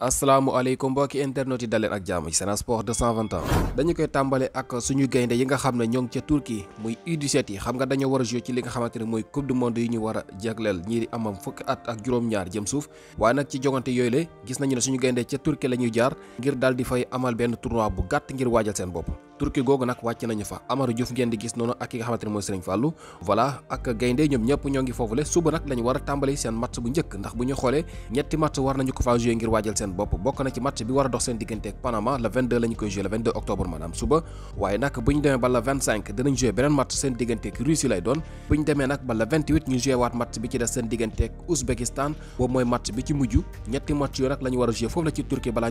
asalaamaaleykum mbokki internet yi daleen ak jàmm ci Sen Sport 221 dañu koy tàmbale ak suñu gaynde yi nga xam ne ñoo ngi ca Turquie muy U17 yi xam nga dañoo war a jouer ci li nga xamante ne mooy coupe du monde ñu war a jagleel ñii di amam fukki at ak juróom-ñaar jëm suuf waaye nag ci jogante yooyu la gis nañu ne suñu gaynde ca Turquie la ñuy jaar ngir daal di fay amal benn tournoi bu gàtt ngir waajal seen bopp turki googu nag wàcc nañu fa Amara Diouf ngeen di gis noonu ak ki nga xamante mooy Serigne Fallou voilà ak gaynde ñoom ñëpp ñoo ngi foofule lañu war tàmbali seen match bu njëkk ndax bu ñu xoolee ñetti match seen bopp Panama le lañu koy jouer le 22 octobre suba waaye nag bu ñu demee ba le 25 ñu demee waat match bi ci des seen diggante ak boobu mooy match bi ci mujj ñetti match yooyu nag la ñu war foofu la ci Turquie balaa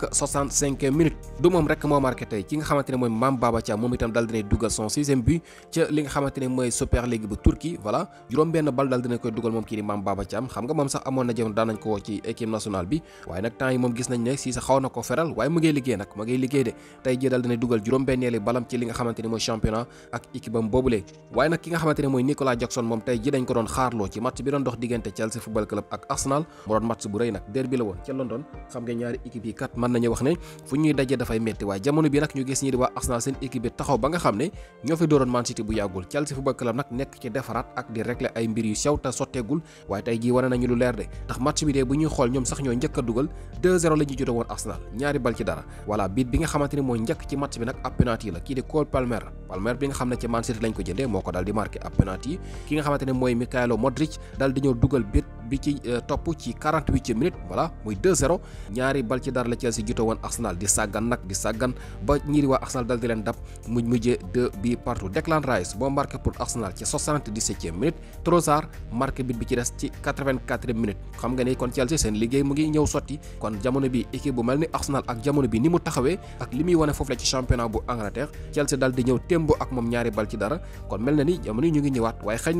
ak 65 minutes du moom rek moo marqué tey ki nga xamante mooy Mame Baba Thiam moom itam dal dinay dugal son sixième but li nga xamante mooy Super League bu Turquie voilà juróom benn bal dal dina koy dugal moom kii di Mame Baba Thiam xam nga moom sax amoon na jamono daan ko woo ci équipe nationale bi waaye nag temps moom gis nañ ne si xaw na ko feral waaye mu liggéey nag mu liggéey de tey jii dal dinay dugal juróom benneeli balam ci li nga xamante ne mën nañu wax ne fu ñuy dajee dafay metti waaye jamono bi nag ñu gis ñi di waa Arsenal seen équipe bi taxaw ba nga xam ne ñoo fi dooroon Man bu yàggul Chelsea Football Club nag nekk ci defaraat ak di régler ay mbir yu sew sotteegul waaye tey jii wane nañu lu leer de ndax match bi dee bu ñuy xool ñoom sax ñoo njëkk a dugal 2-0 woon Arsenal ñaari bal ci dara voilà biit bi nga xamante mooy njëkk ci match bi nag ab penalty la kii di Cole Palmer Palmer Chelsea jiitoo woon Arsenal di sàggan nag di sàggan ba ñii waa Arsenal dal leen dab mu mujjee bi partout Declan Rice boo marqué pour Arsenal ci soixante-dix-septième minute Trossard bi ci des ci quatre xam nga ne kon Chelsea seen liggéey mu ngi ñëw sotti kon jamono bi équipe bu mel ni Arsenal ak jamono bi ni mu taxawee ak li muy wane foofu ci championnat bu Angleterre Chelsea dal ñëw témbo ak moom ñaari bal ci dara kon mel na ni ñu ngi ñëwaat waaye xëy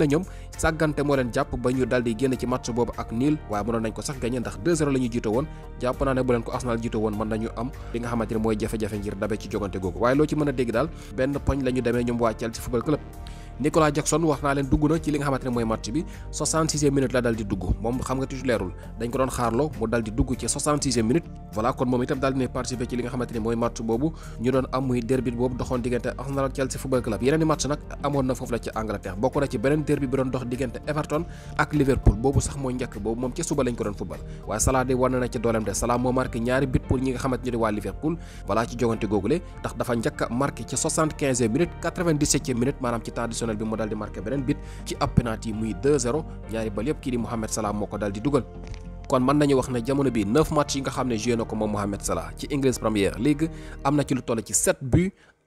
won man nañu am li nga xamanteni moy jafé jafé ngir dabé ci jogante googu waye lo ci mëna dégg dal benn poñ lañu démé ñom ñoom waa Chelsea football club Nicolas Jackson wax naa leen dugg na ci li nga xamante ne mooy match bi 66 la dal di dugg moom xam nga titulairul dañ ko doon xaarloo mu dal di dugg ci 66e kon moom itam daal dina participer ci li nga xamante ne mooy match boobu ñu doon am muy derby boobu doxoon diggante Arsenal ak football club yeneen i match nag amoon na foofu la ci Angleterre bokk na ci beneen derby bi doon dox diggante Everton ak Liverpool boobu sax mooy njëkk exceptionnel bi moo daal di marqué beneen bit ci ab penalty muy 2-0 ñaari bal yëpp kii di Mohamed Salah moo ko daal di dugal. kon mën nañu wax ne jamono bi match yi nga xam ne joué ko moom Mohamed Salah ci English Premier League am na ci lu toll ci sept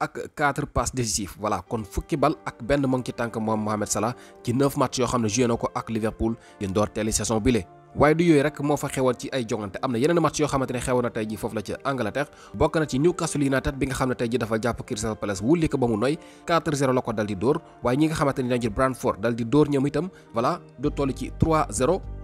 ak quatre passes décisives voilà kon fukki bal ak benn mu ngi ci tànk moom Mohamed Salah ci match yoo xam ne joué na ko ak Liverpool di ndoorteeli saison bile. waaye du yooyu rek moo fa xewoon ci ay jongante am na yeneen match yoo xamante ne xewoon na tey ji foofu la ca Angleterre bokk na ci Newcastle United bi nga xam ne tey ji dafa jàpp Crystal Palace wulli ko ba mu noy 4 la ko dal di dóor waaye ñi nga xamante ne dañu Brentford dal di dóor ñoom itam voilà du toll ci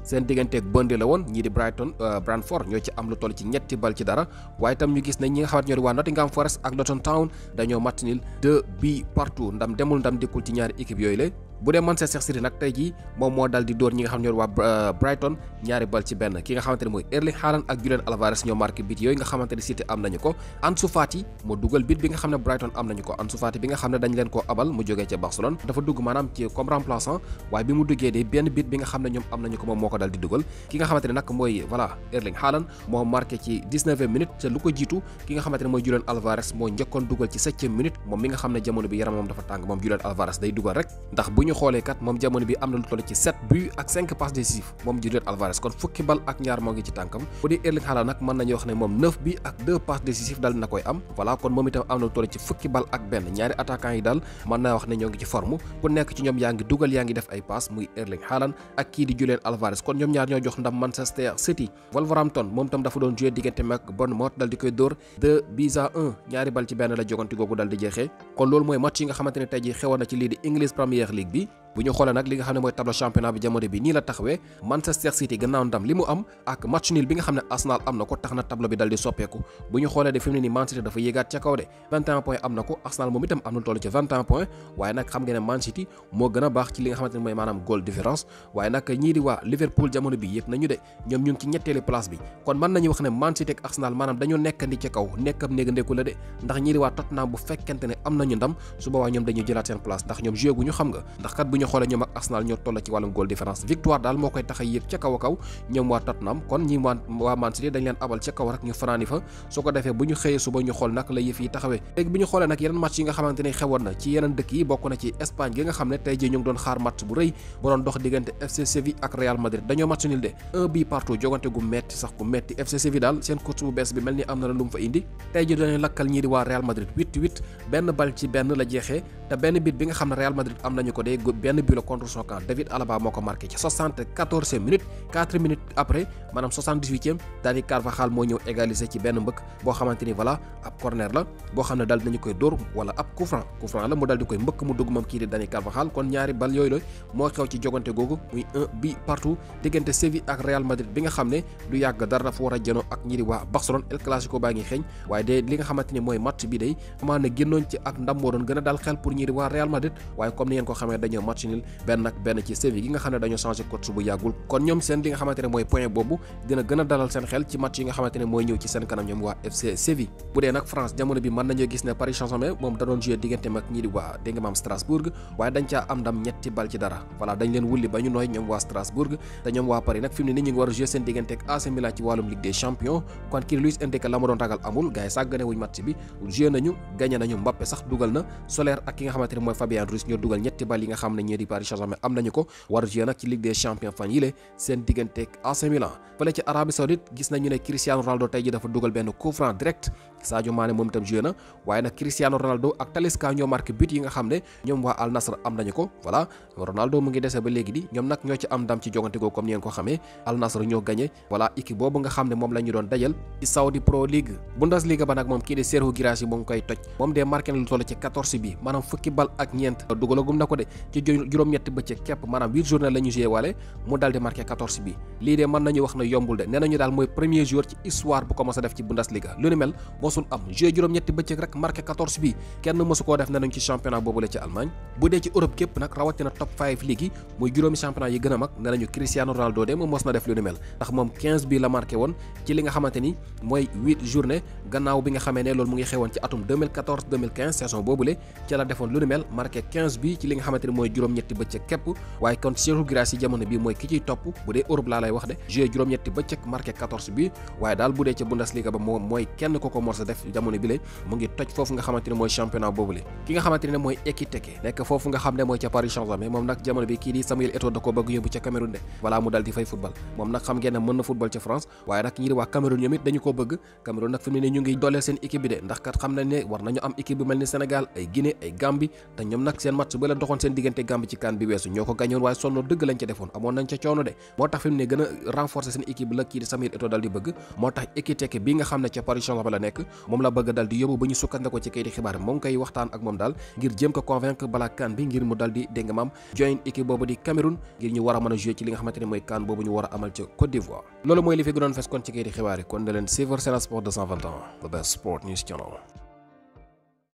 seen digganteeg Burnley la woon ñii di Brighton euh, Brentford ñoo ci am lu toll ci ñetti bal ci dara waaye itam ñu gis ne ñi nga xamante ñoo di waa Nottingham Forest ak Luton Town dañoo match nil 2 bi partout ndam demul ci ñaari équipe yooyu la bu dé Manchester City nak tay ji mom mo dal di door ñi nga xamni wa euh, Brighton ñaari bal ci ben ki nga xamanteni moy Erling Haaland ak Julian Alvarez ñoo marqué but yoy nga xamanteni City am nañu ko Ansu Fati mo dugal but bi nga Brighton am nañu ko Ansu Fati bi nga xam dañ leen ko abal mu joggé ci Barcelone dafa dugg manam ci comme remplaçant waaye bi mu duggé dé ben but bi nga xam ñom am nañu ko mom moko dal di duggal ki nga xamanteni nak moy voilà Erling Haaland mo marqué ci 19e minute te lu ko jiitu ki nga xamanteni moy Julian Alvarez mo ñëkkon dugal ci 7e minute mom mi nga xam jamono bi yaramam dafa tang mom Julian Alvarez day duggal rek ndax bu ñu xoolee moom jamono bi am na lu toll ci 7 buts ak 5 passes décisives moom Julian Alvarez kon fukki bal ak ñaar moo ngi ci tànkam bu dee Erling Haaland nag mën nañu wax ne moom 9 bi ak 2 passes décisives daal na koy am voilà kon moom itam am na lu toll ci fukki bal ak benn ñaari attaquant yi daal mën naa wax ne ñoo ngi ci forme ku nekk ci ñoom yaa ngi dugal yaa ngi def ay passes muy Erling Haaland ak kii di Julian Alvarez kon ñoom ñaar ñoo jox ndam Manchester City Hadi bu ñu xoolee nag li nga xam ne mooy tableau championnat bi nii la taxawee Manchester City gannaaw ndam li mu am ak match nul bi nga xam ne Arsenal am na ko tax na tableau bi dal di soppeeku bu ñu xoolee de fi ne nii Man dafa yéegaat ca kaw de am na ko Arsenal moom itam am na toll ci waaye nag xam nga ne moo gën a baax ci li nga xamante ne mooy maanaam goal différence waaye nag ñii waa Liverpool jamono bi yëg nañu de ñoom ñu ngi ci buñu xolé ñoom ak Arsenal ñoo tollu ci walum goal difference victoire dal mo koy tax a yéeg kaw kaw ñom wa Tottenham kon ñi wa Man City dañ leen abal ci kaw rek ñu fanaani fa su defé buñu xeyé suba ñu xol nak la yef yi taxawé léegi buñu xolé nak yeneen match yi nga xamanteni xewon na ci yeneen dëkk yi bokku na ci Espagne gi nga xamné tay ji ñu ngi doon xaar match bu reuy bu doon dox digënté FC Séville ak Real Madrid dañoo match nil de un bi partout jogante gu metti sax ku metti FC Séville dal seen coach bu bees bi melni amna la lu mu fa indi tay ji dañu lakkal ñi di wa Real Madrid 8 8 ben bal ci ben la jeexee te benn bit bi nga xam ne Real Madrid am nañu ko dee benn but contre son David Alaba moo ko marqué ci minutes après maanaam soixante-dix-huitième Dani Carvajal moo ñëw égaliser ci benn mbëkk boo xamante ni ab corner la la mu daal koy mbëkk mu dugg moom kii di Dani kon ñaari bal yooyu la moo xew ci jogante googu muy un bi partout diggante Séville ak Real Madrid bi nga xam ne du yàgg dara dafa war a jënoo ak ñi di waa Barcelone ñii wa Real Madrid waye comme ni ngeen ko xamé dañu match nil ben nak sevi. ci Séville gi nga xamné dañu changer coach bu yagul kon ñom seen li nga xamantene moy point bobu dina gëna dalal seen xel ci match yi nga xamantene moy ñew ci seen kanam ñom wa FC Séville bu nak France jamono bi man nañu gis né Paris Saint-Germain mom da doon jouer digënté mak ñii di maam Strasbourg waye dañ ca am ndam ñetti bal ci dara voilà dañ leen wulli ba ñu Strasbourg da ñom wa Paris nak fimni ni ñi ngi wara jouer seen digënté ak AC Milan ci walum Ligue des Champions kon ki Luis Enrique la mo doon ragal amul gaay yi sàggane wuñ match bi jouer nañu gagné nañu Mbappé sax dugal na Solaire ak ki nga xamanteni moy mooy Fabien Ruiz ñoo dugal ñetti bal yi nga xamne ñi di Paris Saint-Germain am nañu ko war a nak ci Ligue des Champions fan yile seen digganteeg AC Milan fële ci Arabie Saoudite gis nañu né Cristiano Ronaldo tay ji dafa dugal benn coup franc direct Sadio Mané mom tam joué na waaye Cristiano Ronaldo ak Talisca ñoo marqué but yi nga xamne ñom wa Al Nassr am nañu ko voilà Ronaldo mu ngi déssé ba légui di ñom nak ñoo ci am dam ci jogante go comme ni ngeen ko xamé Al Nassr ñoo gagné voilà équipe bobu nga xamne mom lañu doon dajal ci Saudi Pro League Bundesliga ba nak mom ki di Serhou Guirassy mom koy toj mom dé marqué na lu ci 14 bi manam fukki ak ñeent dugalagum na ko de ci juróom-ñetti bëccëg képp maanaam huit journée la ñu joué mu daal di bi lii de mën nañu wax ne yombul de nee daal mooy premier joueur ci histoire bu commencé def ci Bundesliga lu ni mel mosul am joué juróom-ñetti bëccëg rek marqué bi kenn mosu koo def nee ci championnat boobule ci Allemagne bu dee ci Europe képp nag rawatina top 5 ligue yi muy juróomi championnat yi gën a mag nee nañu Ronaldo lu ni mel marqué bi ci li nga xamante mooy juróom-ñetti bëccëg képp waaye kon Serhou Guirassy jamono bi mooy ki ciy topp bu dee Europe laa lay wax de joué juróom-ñetti bëccëg marqué bi waaye daal bu dee ca Bundesliga ba moom mooy kenn ko ko morsa def jamono bi le mu ngi toj foofu nga xamante mooy championnat boobu le ki nga xamante ne mooy Ekitike nekk foofu nga xam ne mooy ca Paris Saint-Germain moom nag jamono bi kii di Samuel Eto'o da Gambi te ñom nak seen match bu la doxon seen digënté Gambi ci kan bi wessu ñoko gañoon way sonno dëgg lañ ci defoon amon nañ ci de motax tax gëna renforcer seen équipe la ki Samir Eto'o dal di bëgg motax tax Ekitike bi nga xam ci Paris Saint-Germain la nekk mom la bëgg dal di yobbu ba ñu sukkandeko ci kayti xibaar kay waxtaan ak mom dal ngir jëm ko convaincre bala kan bi ngir mu dal di dégg mam join équipe bobu di Cameroun ngir ñu wara mëna jouer ci li nga xamanteni moy kan ñu wara amal ci Côte d'Ivoire lolu moy li fi gënon fess kon ci kayti xibaar kon Sport 220 the best sport news channel